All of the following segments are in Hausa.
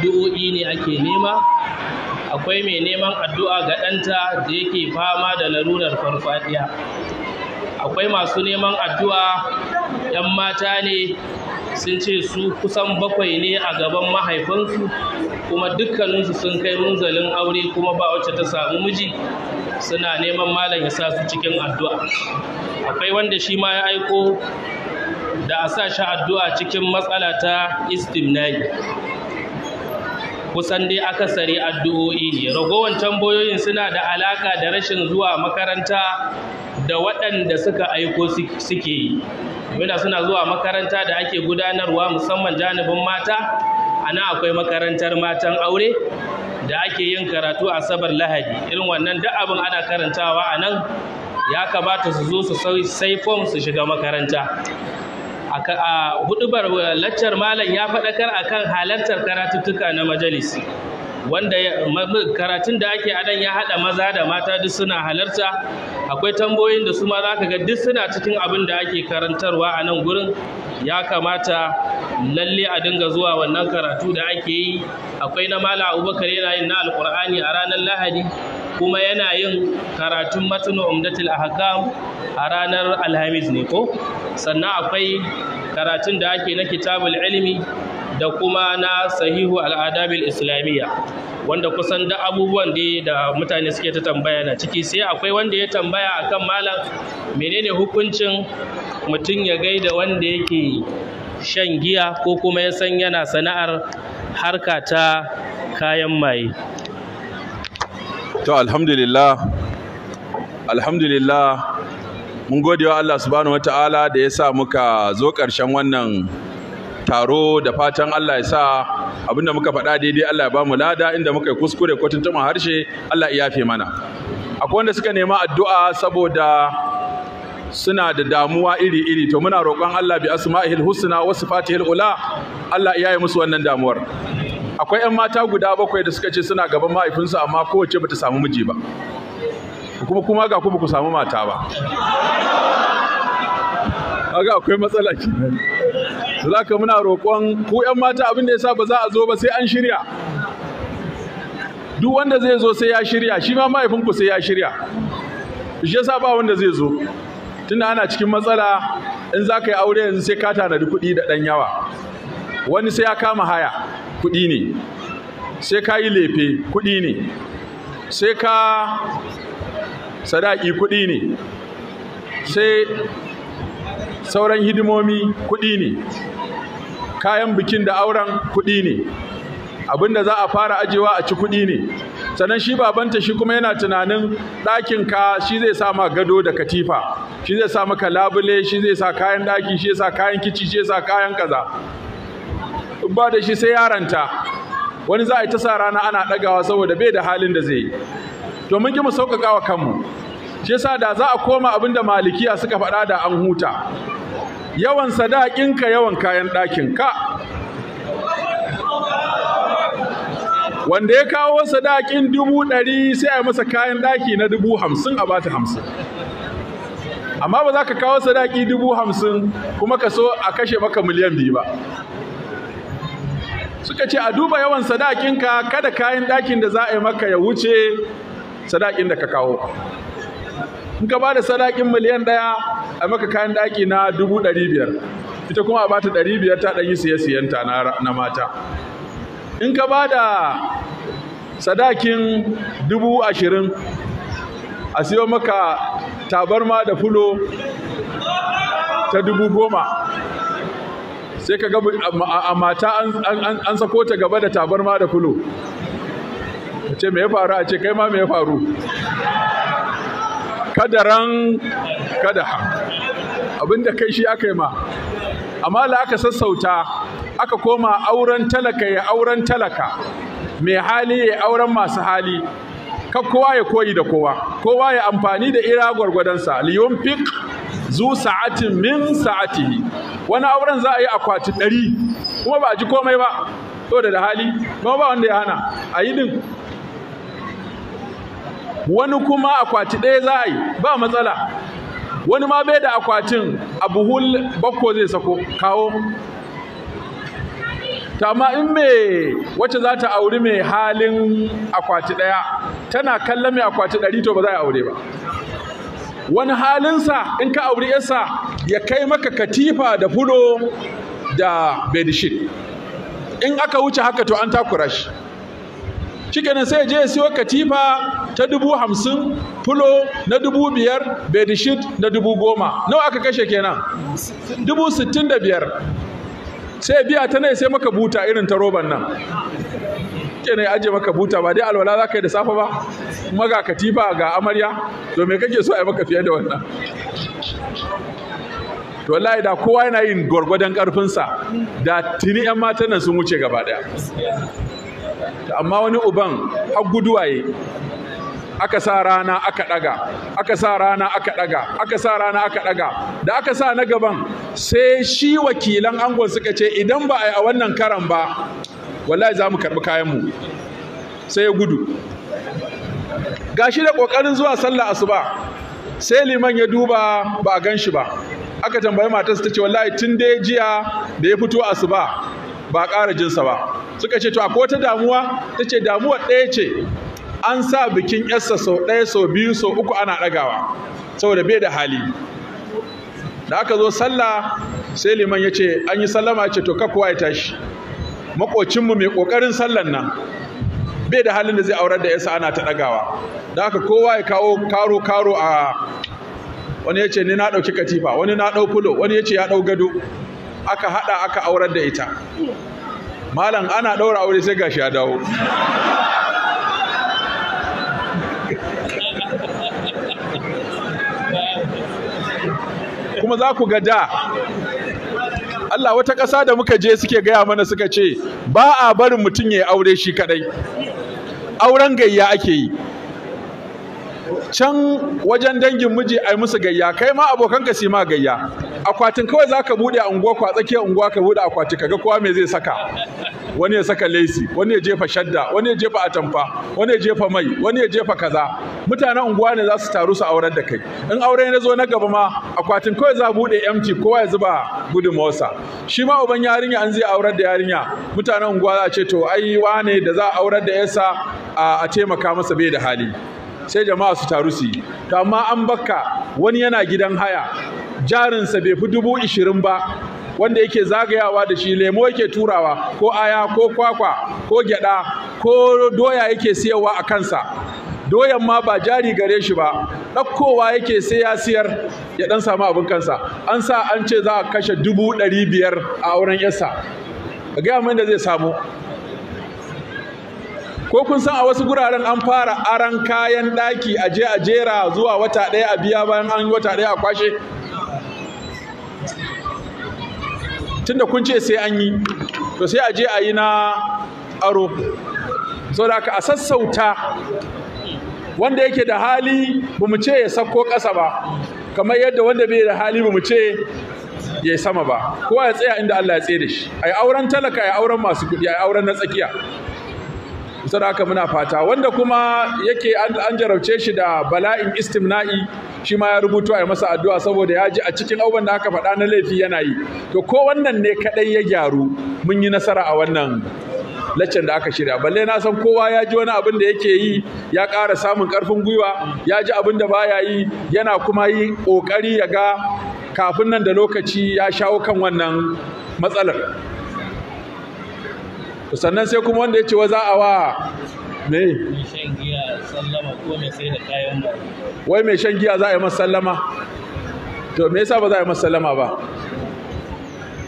addu'o'i ne ake nema akwai mai neman addu'a ga ɗanta da yake fama da larurar farfadiya akwai masu neman addu'a ‘yan mata ne sun ce su kusan bakwai ne a gaban mahaifansu kuma dukkaninsu sun kai munzalin aure kuma ba wacce ta samu miji suna neman malam ya sa su cikin addu'a akwai wanda shi ma ya aiko da a sa shi addu'a cikin matsala ta istimnai kusan dai akasari addu'o'i ne ragowar tambayoyin suna da alaka da rashin zuwa makaranta da waɗanda suka aiko suke yi yana suna zuwa makaranta da ake gudanarwa musamman janibin mata a akwai makarantar matan aure da ake yin karatu a sabar lahadi irin wannan duk abin ana karantawa a nan ya kamata su zo su sai fom su shiga makaranta a hudubar uh, laccar malam ya faɗakar a kan halartar karatuttuka na majalisi wanda karatun da ake adan ya haɗa maza da mata duk suna halarta akwai tambayoyin da su ma za ka ga duk suna cikin abin da ake karantarwa a nan gurin ya kamata lalle a dinga zuwa wannan karatu da ake yi akwai na mala abubakar yana yin na alkur'ani a ranar lahadi kuma yana yin karatun matanin umdatul ahkam a ranar alhamis ne ko sannan akwai karatun da ake na kitabul ilimi da kuma na sahihu al'adabil islamiyya wanda kusan da abubuwan da mutane suke ta tambaya na ciki sai akwai wanda ya tambaya akan malam menene hukuncin mutum ya gaida wanda yake shan giya ko kuma ya san yana sana'ar harka ta kayan maye to alhamdulillah alhamdulillah mun gode wa Allah subhanahu wataala da ya sa muka zo ƙarshen wannan taro da fatan Allah ya sa abinda muka faɗa daidai Allah ya bamu lada inda muka yi kuskure ko tuntuma harshe Allah ya yafe mana akwai wanda suka nema addu'a saboda suna da damuwa iri-iri to muna roƙon Allah bi asma'il husna wa sifatihil ula Allah ya yi musu wannan damuwar akwai 'yan mata guda bakwai da suka ce suna gaban mahaifinsu amma kowace bata samu miji ba kuma kuma ga kuma ku samu mata ba kaga akwai matsala kenan zaka muna roƙon ku ƴan mata abin da yasa ba za a zo ba sai an shirya duk wanda zai zo sai ya shirya shi ma mahaifin ku sai ya shirya shi yasa ba wanda zai zo tunda ana cikin matsala in za ka yi aure yanzu sai ka tanadi kuɗi da ɗan yawa wani sai ya kama haya kuɗi ne sai ka yi lefe kuɗi ne sai ka sadaki kuɗi ne sai sauran hidimomi kuɗi ne kayan bikin da auren kuɗi ne abinda za a fara ajiyewa a ci kuɗi ne sannan shi babanta shi kuma yana tunanin ɗakin ka shi zai sa ma gado da katifa shi zai sa maka labule shi zai sa kayan ɗaki shi zai sa kayan kici shi zai sa kayan kaza ba da shi sai yaranta wani za a yi ta sa rana ana ɗagawa saboda bai da halin da zai yi domin ki mu sauƙaƙa wa kanmu shi yasa da za a koma abin da malikiya suka faɗa da an huta yawan sadaƙinka yawan kayan ɗakin ka. wanda ya kawo sadaƙin dubu ɗari sai a masa kayan ɗaki na dubu hamsin a bata hamsin amma ba za ka kawo sadaki dubu hamsin kuma ka so a kashe maka miliyan biyu ba suka ce a duba yawan sadakinka kada kayan ɗakin da za a yi maka ya wuce sadakin da ka kawo in ka bada sadakin miliyan ɗaya a maka kayan ɗaki na dubu ɗari biyar ita kuma a bata ɗari biyar ta ɗanyi siye-siyenta na mata in ka bada sadakin dubu ashirin a siyo maka tabarma da fulo ta dubu goma sai ka ga a mata an sako ta gaba da tabarma da fulo ce me ya faru a ce kai ma me ya faru kadaran kadaha abinda kai shi aka yi ma amma la aka sassauta aka koma auren talaka ya auren talaka mai hali ya auren masu hali ka kowa ya koyi da kowa kowa ya amfani da ira gwargwadonsa liyon fik zu sa'atin min sa'atihi wani auren za a yi akwati ɗari kuma ba a ji komai ba to da hali kuma ba wanda ya hana a yi din wani kuma akwati ɗaya za a yi ba matsala wani ma bai da akwatin a buhul bakko zai sako kawo Tama in me wacce za ta auri mai halin akwati ɗaya tana kallon mai akwati ɗari to ba za a aure ba wani halinsa in ka auri yasa ya kai maka katifa da fulo da bedishin in aka wuce haka to an takura shi shikenan sai je ya siyo katifa ta dubu hamsin fulo na dubu biyar bedishit na dubu goma nawa aka kashe kenan dubu sittin da biyar sai biya ta nai sai maka buta irin ta roban nan ke ne aje maka buta ba dai alwala za ka yi da safe ba kuma ga katifa ga amarya to me kake so a yi maka fiye da wannan to wallahi da kowa yana yin gwargwadon karfinsa da tuni yan matan nan sun wuce gaba daya amma wani uban har guduwaye aka sa rana aka ɗaga aka sa rana aka ɗaga aka sa rana aka ɗaga da aka sa na gaban sai shi wakilan angon suka ce idan ba a yi a wannan karan ba wallahi za mu karɓi kayanmu sai ya gudu gashi da ƙoƙarin zuwa sallah asuba sai liman ya duba ba a gan shi ba aka tambayi matarsa ta ce wallahi tun da jiya da ya fito asuba ba a ƙara jinsa ba suka ce to akwai wata damuwa ta ce damuwa ɗaya ce an sa bikin yarsa sau ɗaya sau biyu sau uku ana ɗagawa saboda bai da hali da aka zo sallah sai liman ya ce an yi sallama ce to kakuwa ya tashi makocinmu mai ƙoƙarin sallan nan bai da halin da zai aurar da yasa ana ta ɗagawa da aka kowa ya kawo karo karo a wani ya ce ni na ɗauki katifa wani na ɗau kulo wani ya ce ya ɗau gado aka haɗa aka aurar da ita malam ana ɗaura aure sai gashi ya dawo kuma za ku ga da Allah wata ƙasa da muka je suke gaya mana suka ce ba a barin mutum ya yi aure shi kadai auren gayya ake yi can wajen dangin miji ai musu gayya kai ma abokan su ma gayya akwatin kawai zaka bude a unguwa kwa tsakiyar unguwa ka buɗe akwati kaga kowa me zai saka wani ya saka lesi wani ya jefa shadda wani ya jefa atamfa wani ya jefa mai wani ya jefa kaza mutanen unguwa ne za su taru su aurar da kai in aure na zo na gaba ma akwatin kawai za bude empty kowa ya zuba gudunmawarsa shi ma uban yarinya an zai aurar da yarinya mutanen unguwa za a ce to ai wane da za a aurar da yasa a taimaka masa bai da hali sai jama'a su taru su yi to amma an bakka wani yana gidan haya jarinsa bai fi dubu ishirin ba wanda yake zagayawa da shi lemo yake turawa ko aya ko kwakwa ko gyada ko doya yake siyarwa a kansa doyan ma ba jari gare shi ba ɗaukowa yake sai ya siyar ya ɗan samu abin kansa an sa an ce za a kashe dubu ɗari biyar a auren yasa A gaya min da zai samu ko kun san a wasu guraren an fara aran kayan ɗaki aje a jera zuwa wata ɗaya a biya bayan an yi wata ɗaya a kwashe tunda kun ce sai an yi to sai a je a yi na aro saboda a sassauta wanda yake da hali ba mu ce ya sako ƙasa ba kamar yadda wanda bai da hali ba mu ce ya sama ba kowa ya tsaya inda Allah ya tsaye da shi a auren talaka ai auren masu kuɗi a auren na tsakiya saboda haka muna fata wanda kuma yake an jarabce shi da bala'in istimna'i shi ma ya rubuto a masa addu'a saboda ya ji a cikin abubuwan da aka faɗa na laifi yana yi to ko wannan ne kaɗai ya gyaru mun yi nasara a wannan laccen da aka shirya balle na san kowa ya ji wani abin da yake yi ya ƙara samun ƙarfin gwiwa ya ji abin da baya yi yana kuma yi ƙoƙari ya ga kafin nan da lokaci ya shawo kan wannan matsalar sannan sai kuma wanda ya ce wa za a wa me sallama ko mai sai da kayan ba wai mai shan giya za a yi masa sallama to me yasa ba za a yi masa sallama ba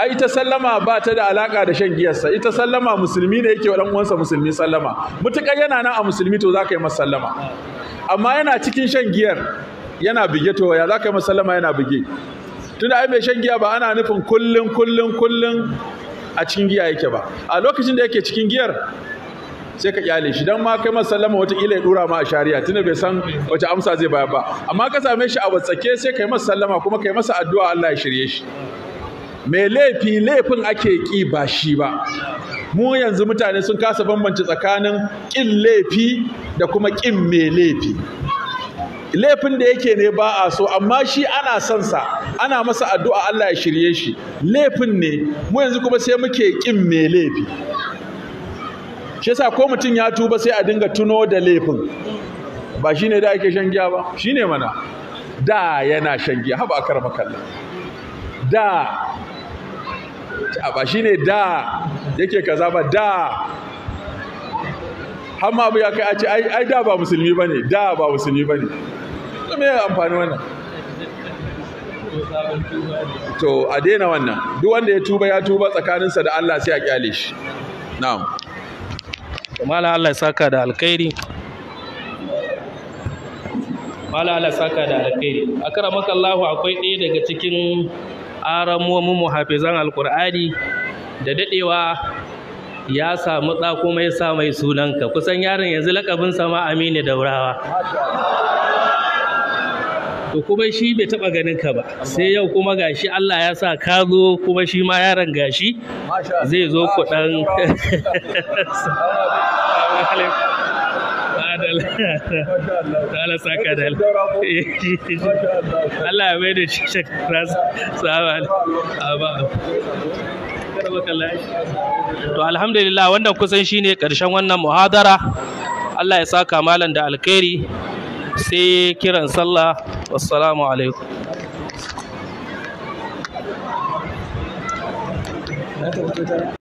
ai ita sallama ba ta da alaka da shan giyarsa ita sallama musulmi ne yake wa dan uwansa musulmi sallama mutukar yana nan a musulmi to za ka yi masa sallama amma yana cikin shan giyar yana bige to ya za ka yi masa sallama yana bige tunda ai mai shan giya ba ana nufin kullun kullun kullun a cikin giya yake ba a lokacin da yake cikin giyar sai ka kyale shi dan ma kai masa sallama wata kila ya dura ma a shari'a tunda bai san wace amsa zai bayar ba amma ka same shi a watsake sai kai masa sallama kuma kai masa addu'a Allah ya shirye shi mai laifi laifin ake ki ba shi ba mu yanzu mutane sun kasa bambance tsakanin kin laifi da kuma kin mai laifi laifin da yake ne ba a so amma shi ana son sa ana masa addu'a Allah ya shirye shi laifin ne mu yanzu kuma sai muke kin mai laifi shi yasa ko mutum ya tuba sai a dinga tuno da laifin ba shine da ake shan giya ba shine mana da yana shan giya haba akar makalla da ba shine da yake kaza ba da amma abu ya kai a ce ai da ba musulmi ba ne da ba musulmi ba ne to me amfani wannan to a daina wannan duk wanda ya tuba ya tuba tsakaninsa da Allah sai a kyale shi na'am mala Allah ya saka da alkhairi mala Allah ya saka da alkhairi akramaka Allah akwai ɗaya daga cikin aramomin muhafizan alkur'ani da dadewa ya samu tsako mai sa mai sunanka kusan yaron yanzu lakabin sama Aminu Daurawa to kuma shi bai taba ganin ka ba sai yau kuma gashi Allah ya sa ka zo kuma shi ma yaron gashi zai zo ku Allah ya da shi shakara to alhamdulillah wannan kusan shine ƙarshen wannan muhadara Allah ya saka malam da alkhairi sai kiran sallah والسلام عليكم